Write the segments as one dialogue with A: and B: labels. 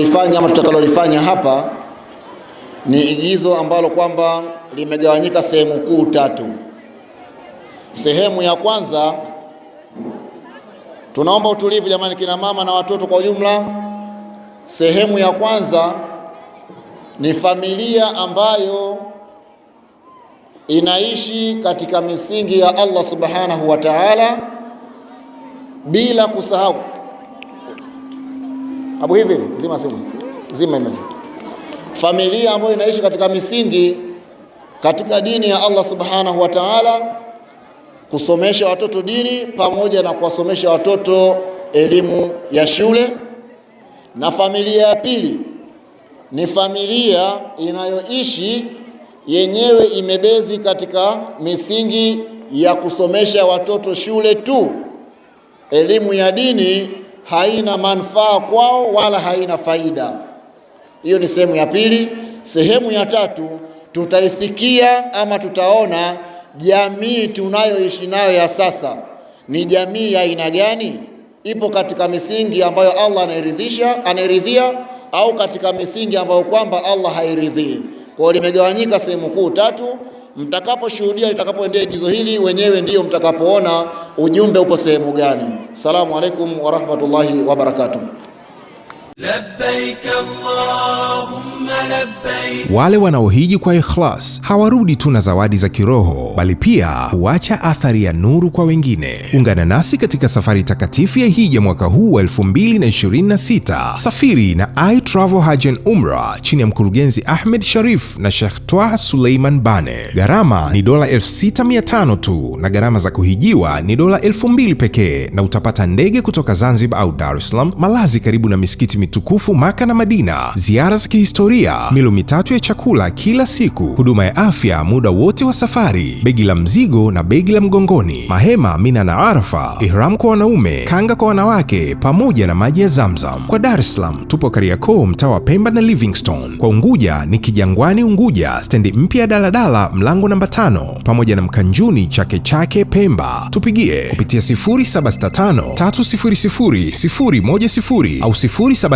A: Ifanya ama tutakalolifanya hapa ni igizo ambalo kwamba limegawanyika sehemu kuu tatu. Sehemu ya kwanza, tunaomba utulivu jamani, kina mama na watoto kwa ujumla. Sehemu ya kwanza ni familia ambayo inaishi katika misingi ya Allah Subhanahu wa Ta'ala bila kusahau Abu Hidhiri, zima simu zima imeza. Familia ambayo inaishi katika misingi katika dini ya Allah subhanahu wa ta'ala, kusomesha watoto dini pamoja na kuwasomesha watoto elimu ya shule. Na familia ya pili ni familia inayoishi yenyewe imebezi katika misingi ya kusomesha watoto shule tu, elimu ya dini haina manufaa kwao wala haina faida. Hiyo ni sehemu ya pili. Sehemu ya tatu tutaisikia ama tutaona jamii tunayoishi nayo ya sasa ni jamii ya aina gani, ipo katika misingi ambayo Allah anairidhisha anairidhia au katika misingi ambayo kwamba Allah hairidhii. Kwa hiyo limegawanyika sehemu kuu tatu mtakaposhuhudia litakapoendea igizo hili, wenyewe ndiyo mtakapoona ujumbe upo sehemu gani. Salamu alaikum warahmatullahi wabarakatuh.
B: Wale wanaohiji kwa ikhlas hawarudi tu na zawadi za kiroho, bali pia huacha athari ya nuru kwa wengine. Ungana nasi katika safari takatifu ya hija mwaka huu wa 2026. Safiri na I Travel Hajj and chini ya mkurugenzi Ahmed Sharif na Sheikh Twa Suleiman Bane. Gharama ni dola 6500 tu, na gharama za kuhijiwa ni dola 2000 pekee, na utapata ndege kutoka Zanzibar au Dar es Salaam, malazi karibu na misikiti tukufu Maka na Madina, ziara za kihistoria, milo mitatu ya chakula kila siku, huduma ya afya muda wote wa safari, begi la mzigo na begi la mgongoni, mahema Mina na Arafa, ihram kwa wanaume, kanga kwa wanawake, pamoja na maji ya Zamzam. Kwa Dar es Salaam tupo Kariakoo, mtaa wa Pemba na Livingstone. Kwa Unguja ni Kijangwani Unguja, stendi mpya ya daladala, mlango namba tano, pamoja na Mkanjuni Chake Chake Pemba. Tupigie kupitia 0765 au 7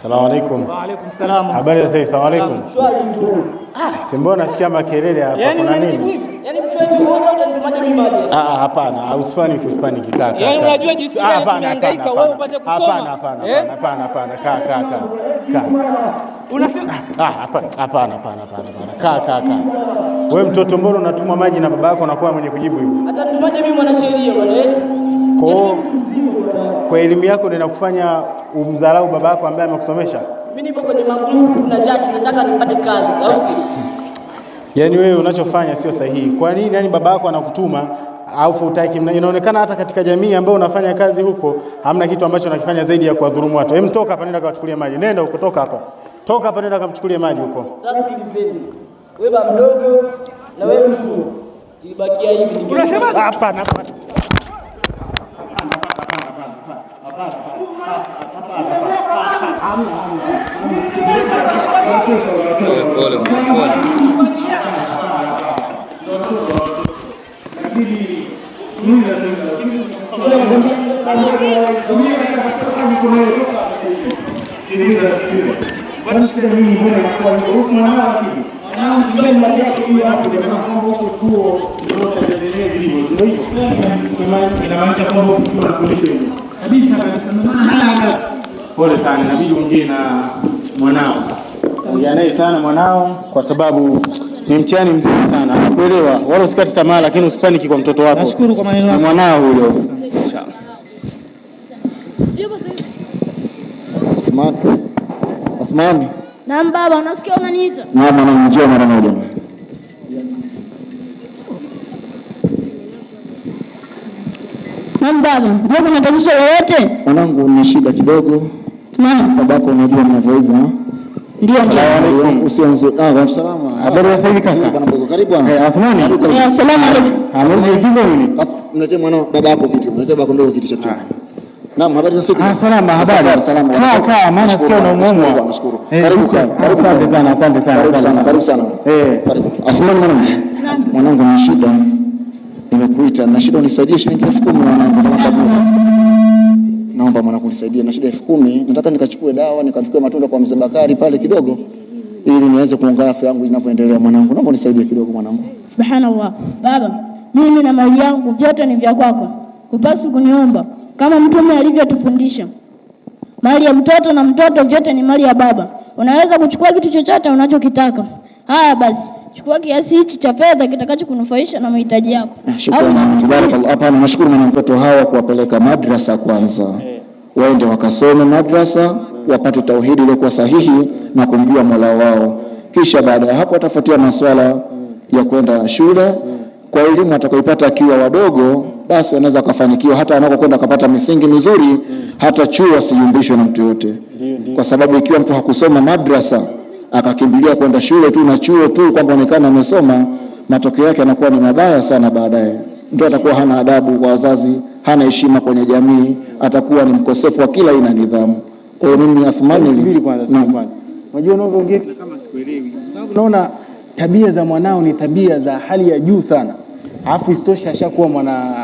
A: Salamu alaykum.
C: Wa alaykum salam.
A: Habari za Salamu Alaykum. Swali tu. Ah, si mbona nasikia makelele hapa
C: yaani kuna nini? Yaani mshwaji wote utatumaje mimi maji?
A: Ah, ah, hapana, usipanic usipanic kaka. Yaani
C: unajua jinsi gani ah, tunahangaika wewe upate
A: kusoma. Hapana, hapana, eh? hapana, hapana. Kaka kaka. Kaka. Unasema ah, ah, hapana, hapana, hapana, hapana. Kaka kaka. Wewe mtoto mbona unatumwa maji na baba yako anakuwa mwenye kujibu hivyo?
C: Atatumaje mimi mwanasheria bwana eh?
A: Kwa hiyo kwa elimu yako ninakufanya umdharau baba yako ambaye amekusomesha.
C: Mimi nipo kwenye magrupu, kuna jaji nataka nipate kazi au si?
A: Yaani wewe unachofanya sio sahihi. Kwa nini? Yaani baba yako anakutuma alafu hutaki. Inaonekana hata katika jamii ambayo unafanya kazi huko, hamna kitu ambacho unakifanya zaidi ya kuwadhulumu watu. Hem, toka hapa, nenda kawachukulie maji. Nenda huko, toka hapa, toka hapa, nenda kamchukulie maji huko.
C: Sasa sikilizeni, wewe baba mdogo na wewe mkubwa, ilibakia hivi.
A: Unasema hapana, hapana Follow, follow. Non sembra kabisa kabisa. Ndio maana haya, pole sana, inabidi ongee na mwanao, ongea naye sana mwanao, kwa sababu ni mtihani mzuri sana, nakuelewa, wala usikate tamaa, lakini usipaniki kwa mtoto wako.
C: Nashukuru kwa maneno
A: yako, mwanao huyo. Asmani,
D: Naam baba, unasikia unaniita?
A: Naam, ananijua mara moja.
D: Naam baba, je, kuna tatizo lolote?
A: Mwanangu ni shida kidogo. Naam. Babako unajua mnavyoiva. Eh? Ndio ndio. Asalamu alaykum. Usianze. Ah, wa salama. Habari za hivi kaka? Karibu bwana. Eh, afnani.
D: Asalamu alaykum.
A: Habari ah, hizo mnaje mwana baba babako kitu. Mnaje baba ndogo kitu cha ah. tu. Naam, habari za siku? Ah, salama, habari. Salama. Kaa kaa, maana sikio unaumwa. Nashukuru. Eh, karibu kaa. Karibu sana. Asante sana. Asante sana. Karibu sana. Eh. Karibu. Asalamu alaykum. Mwanangu ni shida nimekuita na shida unisaidie shilingi elfu kumi mwanangu, naomba mwanangu unisaidie na shida elfu kumi nataka nikachukue dawa nikachukue matunda kwa mzee Bakari pale kidogo, ili niweze kuongea afya yangu inavyoendelea. Mwanangu, naomba unisaidie kidogo mwanangu.
D: Subhanallah, baba, mimi na mali yangu vyote ni vya kwako, kupasu kuniomba kama mtume alivyotufundisha, mali ya mtoto na mtoto vyote ni mali ya baba. Unaweza kuchukua kitu chochote unachokitaka. Haya basi chukua kiasi hichi cha fedha kitakachokunufaisha na mahitaji yako.
A: Ah, Hapana, nashukuru mwana mtoto hawa kuwapeleka madrasa kwanza, eh. Waende wakasome madrasa, wapate tauhidi iliyokuwa sahihi na kumjua Mola wao, kisha baada ya hapo watafuatia masuala ya kwenda shule hmm. kwa elimu atakayoipata akiwa wadogo, basi wanaweza wakafanikiwa hata wanapokwenda wakapata misingi mizuri, hmm. hata chuo asiyumbishwe na mtu yote, kwa sababu ikiwa mtu hakusoma madrasa akakimbilia kwenda shule tu na chuo tu, kwamba onekana amesoma, matokeo yake anakuwa ni mabaya sana baadaye. Mtu atakuwa hana adabu kwa wazazi, hana heshima kwenye jamii, atakuwa ni mkosefu wa kila aina nidhamu. Kwa hiyo mimi Athumani,
C: unajua unavyoongea kama sikuelewi, sababu naona tabia za mwanao ni tabia za hali ya juu sana, alafu isitoshe ashakuwa mwana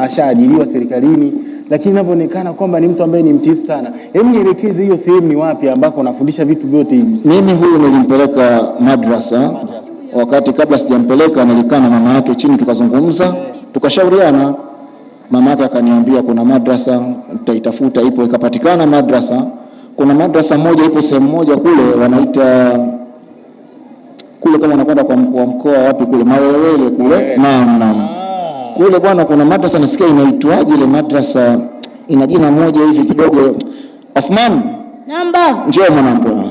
C: ashaajiriwa serikalini lakini inavyoonekana kwamba ni mtu ambaye ni mtiifu sana. Hebu nielekeze hiyo sehemu ni wapi ambako unafundisha vitu vyote hivi?
A: Mimi huyu nilimpeleka madrasa, wakati kabla sijampeleka nilikaa na mama yake chini, tukazungumza, tukashauriana. Mama yake akaniambia kuna madrasa nitaitafuta, ipo. Ikapatikana madrasa. Kuna madrasa moja ipo sehemu moja kule wanaita kule, kama unakwenda kwa mkoa wapi kule, Mawelewele kule. Naam, naam kule bwana, kuna madrasa nasikia inaitwaje ile madrasa, ina jina moja hivi kidogo. Osman, naomba njoo mwanangu.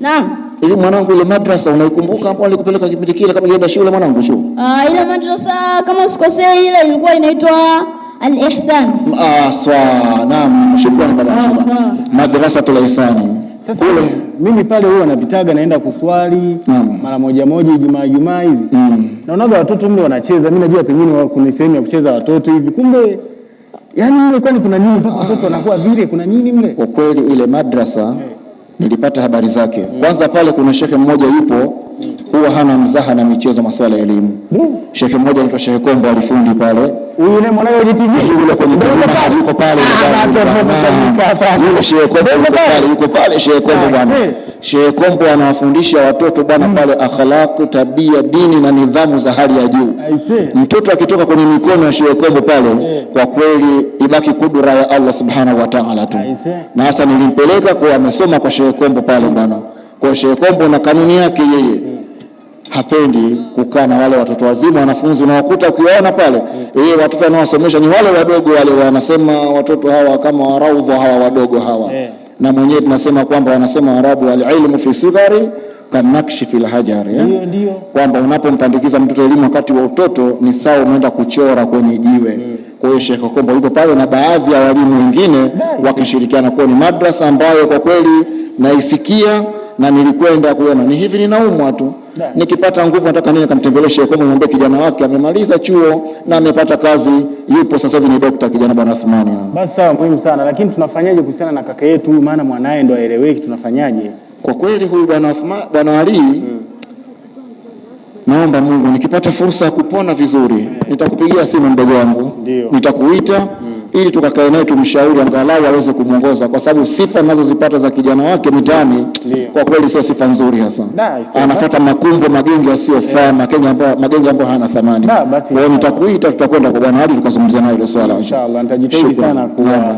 A: Naam, hivi mwanangu, ile madrasa unaikumbuka hapo alikupeleka kipindi kile kama yenda shule mwanangu? Sio
D: ah, ile madrasa kama sikosea ile ilikuwa inaitwa Al-Ihsan.
A: Ah, swa. Naam, shukrani baba. Ah, madrasa tul Ihsan.
C: Sasa mimi pale huwa napitaga naenda kuswali na mara moja moja Ijumaa Ijumaa hizi mm. naonaga watoto mle wanacheza, mimi najua pengine kuna sehemu ya kucheza watoto hivi, kumbe yani mle kwani kuna nini mpaka watoto wanakuwa vile, kuna nini mle?
A: Kwa kweli ile madrasa yeah. nilipata habari zake mm. Kwanza pale kuna shekhe mmoja yupo mm. huwa hana mzaha na michezo, masuala ya elimu mm. Shekhe mmoja anaitwa Shekhe Kombo alifundi pale
C: yule mwanao ni TV yule kwenye TV yuko pale,
A: yule Shekhe Kombo yuko pale, Shekhe Kombo ah, bwana eh. Shehe Kombo anawafundisha watoto bwana mm. pale akhlaqu tabia, dini na nidhamu za hali ya juu. Mtoto akitoka kwenye mikono ya Shehe Kombo pale, kwa kweli ibaki kudura ya Allah subhanahu wa ta'ala tu. Na hasa nilimpeleka kwa amesoma kwa Shehe Kombo pale mm. bwana, kwa Shehe Kombo na kanuni yake yeye mm. hapendi kukaa na wale watoto wazima wanafunzi unawakuta ukiwaona pale yeye mm. watoto anawasomesha ni wale wadogo wale, wanasema watoto hawa kama waraudhu hawa wadogo hawa yeah na mwenyewe tunasema kwamba wanasema Waarabu alilmu fi sigari kanakshi fil hajari kwamba unapompandikiza mtoto elimu wakati wa utoto ni sawa umeenda kuchora kwenye jiwe hmm. Kwa hiyo Sheikh Kombo yuko pale na baadhi ya walimu wengine wakishirikiana, kwa ni madrasa ambayo kwa kweli naisikia na nilikwenda kuona, ni hivi ninaumwa tu, nikipata nguvu nataka nini kamtembelee shehe kwangu, niambie kijana wake amemaliza chuo na amepata kazi, yupo sasa hivi ni daktari kijana bwana Athmani.
C: Basi sawa, muhimu sana lakini tunafanyaje kuhusiana na kaka yetu huyu, maana mwanae ndo aeleweki, tunafanyaje?
A: Kwa kweli huyu bwana Athmani, bwana Ali hmm. Naomba Mungu nikipata fursa ya kupona vizuri, hmm. nitakupigia simu mdogo wangu, nitakuita hmm ili tukakae naye tumshauri angalau aweze kumwongoza, kwa sababu sifa ninazozipata za kijana wake mitaani kwa kweli sio sifa nzuri hasa. Anafuata makumbo magenge asiyofaa, eh. magenge ambayo hayana thamani. Kwa hiyo nitakuita, tutakwenda kwa bwana hadi tukazungumzia naye hilo swala.
C: Inshallah nitajitahidi sana kwa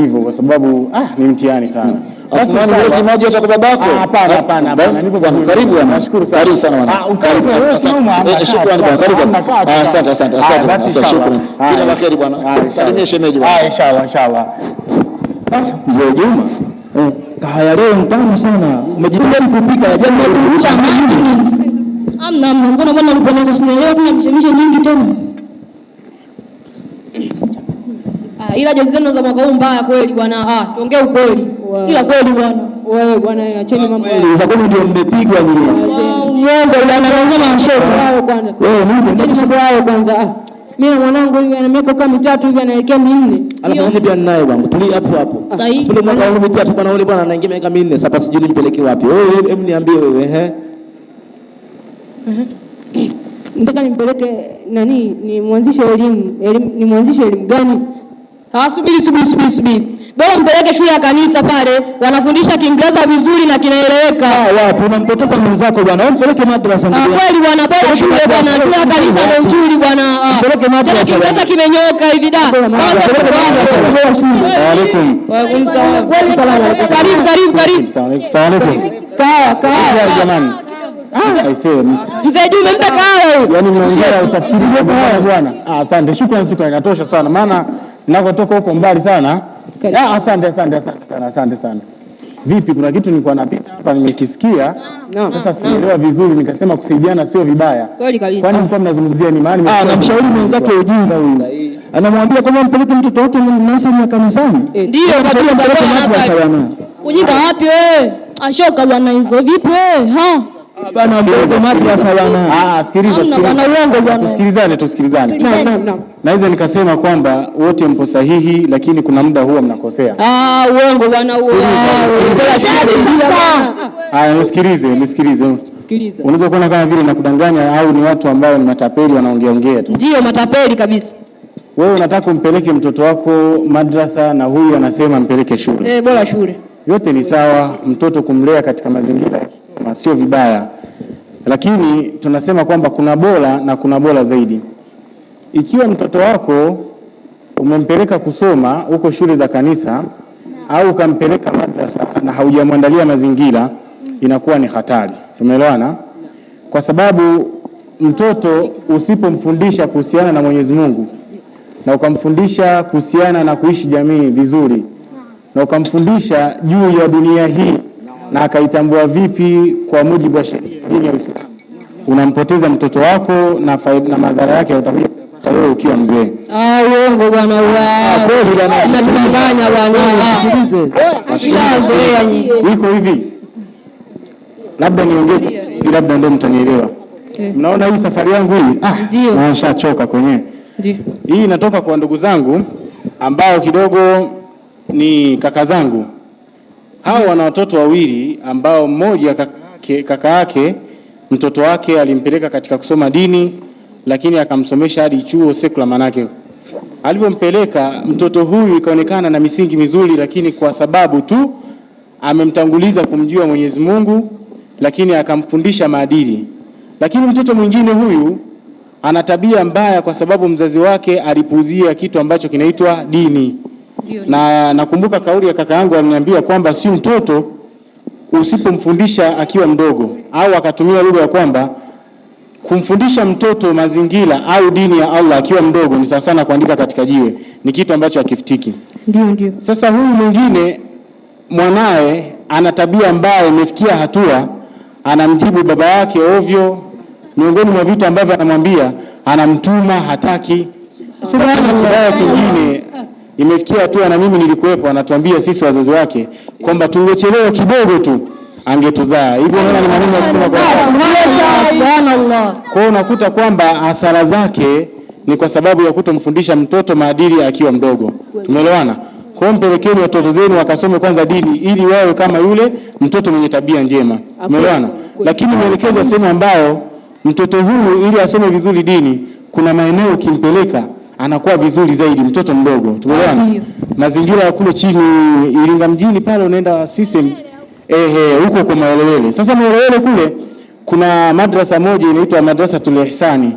C: hivyo kwa sababu ah, ni mtihani sana.
A: Hmm. Maji hata kwa babako? Ah,
C: hapana, eh, hapana, eh, hapana. Nipo bwana. Karibu bwana. Nashukuru sana. Karibu sana bwana. Ah, karibu
A: sana. Shukrani bwana. Karibu. Asante, asante, asante. Ah, basi shukrani. Kila la kheri bwana. Salimie shemeji bwana.
C: Ah, inshallah, inshallah.
A: Ah, Mzee Juma. Eh, Kahaya leo mtamu sana. Umejitunza kupika jambo la kurusha maji.
D: Amna, mbona bwana ulipo na kusinielewa tu na mshemishe nyingi tena. ila jezi zenu za mwaka huu mbaya kweli bwana. Ah, tuongee ukweli, ila kweli bwana, wewe bwana, acheni mambo ya
A: za kwenu, ndio mmepigwa nyinyi.
D: Mwongo mshoko wewe bwana. mimi ndio mshoto wao kwanza. Ah, Mimi mwanangu hivi ana miaka kama mitatu hivi anaelekea minne.
A: Alafu pia ninaye bwana. Tuli hapo hapo. Tuli mwaka huu mitatu bwana, yule bwana anaingia miaka minne sasa, sijui nimpeleke wapi. Wewe hem, niambie wewe ehe.
D: Nataka nimpeleke nani? Nimwanzishe elimu, elimu nimwanzishe elimu gani? hawasubiri subiri subiri subiri, bora mpeleke shule ya kanisa pale, wanafundisha Kiingereza vizuri na kinaeleweka.
A: Ah, wapi unampoteza mwenzako bwana, mpeleke madrasa. Ah,
D: kweli bwana, bora shule bwana, shule ya kanisa ndio nzuri bwana, ah, yaani mpeleke madrasa. Kiingereza kimenyoka hivi da. karibu karibu karibu. Salaam kawa kawa jamani. Mzee Juma mpe kawa huyu.
A: Yaani mnaongea utafikiri bwana. Asante, shukrani siku inatosha sana maana nakotoka huko mbali sana. Ah, asante asante asante sana asante sana. Vipi, kuna kitu nilikuwa napita hapa nimekisikia no. Sasa sielewa vizuri, nikasema kusaidiana sio vibaya, kwani mko mnazungumzia ni maana.
C: Ah, namshauri mwenzake ujinga huyu,
A: anamwambia kwamba mpeleke mtoto wake mnasani ni kanisani.
D: Eh, ndio kabisa, ujinga wapi wewe? Ashoka bwana, hizo vipi wewe ha
A: Bana mzee madrasa bana. Ah, ah sikiliza.
D: Bana uongo bwana.
A: Tusikilizane, tusikilizane. Naam, naam, naam. Naweza nikasema kwamba wote mpo sahihi lakini kuna muda huwa mnakosea.
D: Ah, uongo bwana huo.
A: Haya, nisikilize, nisikilize. Unaweza kuona kama vile nakudanganya au ni watu ambao ni matapeli wanaongea ongea
D: tu. Ndio matapeli kabisa.
A: Wewe unataka umpeleke mtoto wako madrasa na huyu anasema mpeleke shule. Eh, bora shule. Yote ni sawa, mtoto kumlea katika mazingira sio vibaya, lakini tunasema kwamba kuna bora na kuna bora zaidi. Ikiwa mtoto wako umempeleka kusoma huko shule za kanisa au ukampeleka madrasa na haujamwandalia mazingira, inakuwa ni hatari. Tumeelewana? Kwa sababu mtoto usipomfundisha kuhusiana na Mwenyezi Mungu na ukamfundisha kuhusiana na kuishi jamii vizuri na ukamfundisha juu ya dunia hii na akaitambua vipi kwa mujibu wa sheria ya dini ya Uislamu. Unampoteza mtoto wako na faida na madhara yake utakuja tayari ukiwa mzee.
D: Ah, uongo bwana wao. Ah, kweli bwana. Mnadanganya bwana. Ah,
A: ah, Iko hivi. Labda niongee labda ndio mtanielewa. Eh. Mnaona hii safari yangu hii? Ah, nashachoka kwenyewe. Ndio. Hii inatoka kwa ndugu zangu ambao kidogo ni kaka zangu hao wana watoto wawili ambao mmoja kaka yake mtoto wake alimpeleka katika kusoma dini, lakini akamsomesha hadi chuo sekula manake. Alivyompeleka mtoto huyu ikaonekana na misingi mizuri, lakini kwa sababu tu amemtanguliza kumjua Mwenyezi Mungu, lakini akamfundisha maadili. Lakini mtoto mwingine huyu ana tabia mbaya, kwa sababu mzazi wake alipuzia kitu ambacho kinaitwa dini na nakumbuka kauli ya kaka yangu aliniambia kwamba si mtoto usipomfundisha akiwa mdogo, au akatumia lugha ya kwamba kumfundisha mtoto mazingira au dini ya Allah akiwa mdogo ni sawa sana kuandika katika jiwe, ni kitu ambacho hakifutiki. Ndio, ndio. Sasa huyu mwingine mwanae ana tabia mbaya, imefikia hatua anamjibu baba yake ovyo. Miongoni mwa vitu ambavyo anamwambia, anamtuma hataki. Subhanallah, kingine ah. Imefikia hatua na mimi nilikuwepo, anatuambia sisi wazazi wake kwamba tungechelewa kidogo tu angetuzaa. Hivyo Naona ni maneno ya kusema kwa Kwa unakuta kwamba hasara zake ni kwa sababu ya kutomfundisha mtoto maadili akiwa mdogo. Tumeelewana? Kwa mpelekeni watoto zenu wakasome kwanza dini ili wawe kama yule mtoto mwenye tabia njema. Umeelewana? Lakini mwelekezo sehemu ambao mtoto huyu ili asome vizuri dini, kuna maeneo ukimpeleka anakuwa vizuri zaidi mtoto mdogo. tumeona Mazingira ya kule chini Iringa mjini pale unaenda system ehe, huko kwa Maelewele. Sasa Maelewele kule kuna madrasa moja inaitwa Madrasa Tul Ihsani,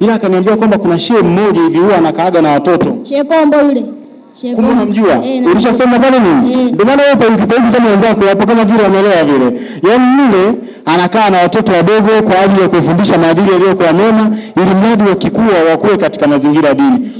A: ila akaniambia kwamba kuna shehe mmoja hivi huwa anakaaga na watoto.
D: Shehe Kombo yule.
A: Kumbe unamjua. Eh, Ulishasema kama nini? Eh. Ndio maana wewe pale kipo kama wenzako hapo kama vile wamelea vile. Yaani yule anakaa na watoto wadogo kwa ajili ya kufundisha maadili yaliyokuwa mema ili mradi wakikua wakuwe katika mazingira dini.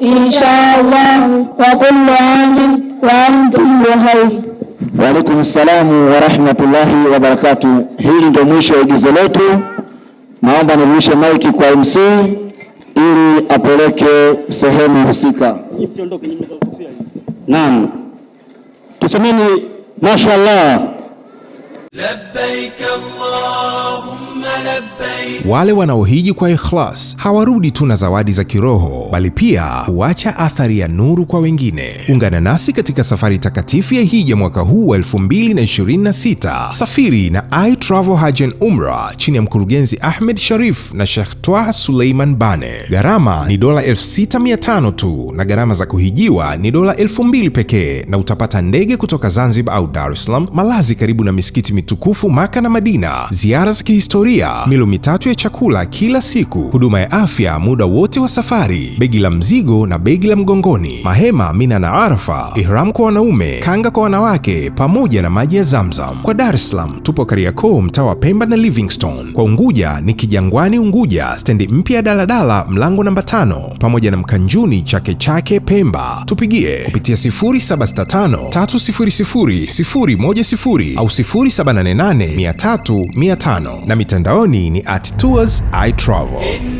E: insha Allah wa kullu amin wa antum bikhair.
A: Wa alaykum wa rahmatullahi wa barakatuh. Hili ndio mwisho wa igizo letu. Naomba nirudishe maiki kwa MC ili apeleke sehemu husika. Naam, tusemeni mashaallah.
B: Wale wanaohiji kwa ikhlas hawarudi tu na zawadi za kiroho, bali pia huacha athari ya nuru kwa wengine. Ungana nasi katika safari takatifu ya hija mwaka huu wa 2026. Safiri na I Travel Hajj and chini ya mkurugenzi Ahmed Sharif na Sheikh Twa Suleiman Bane. Gharama ni dola 6500 tu, na gharama za kuhijiwa ni dola 2000 pekee, na utapata ndege kutoka Zanzibar au Dar es Salaam, malazi karibu na misikiti tukufu Maka na Madina, ziara za kihistoria, milo mitatu ya chakula kila siku, huduma ya afya muda wote wa safari, begi la mzigo na begi la mgongoni, mahema Mina na Arafa, ihram kwa wanaume, kanga kwa wanawake, pamoja na maji ya Zamzam. Kwa Dar es Salaam tupo Kariakoo, mtaa wa Pemba na Livingstone. Kwa Unguja ni Kijangwani Unguja, stendi mpya ya daladala, mlango namba tano, pamoja na Mkanjuni Chake Chake Pemba. Tupigie kupitia 0765 au 07 na mitandaoni ni at tours i travel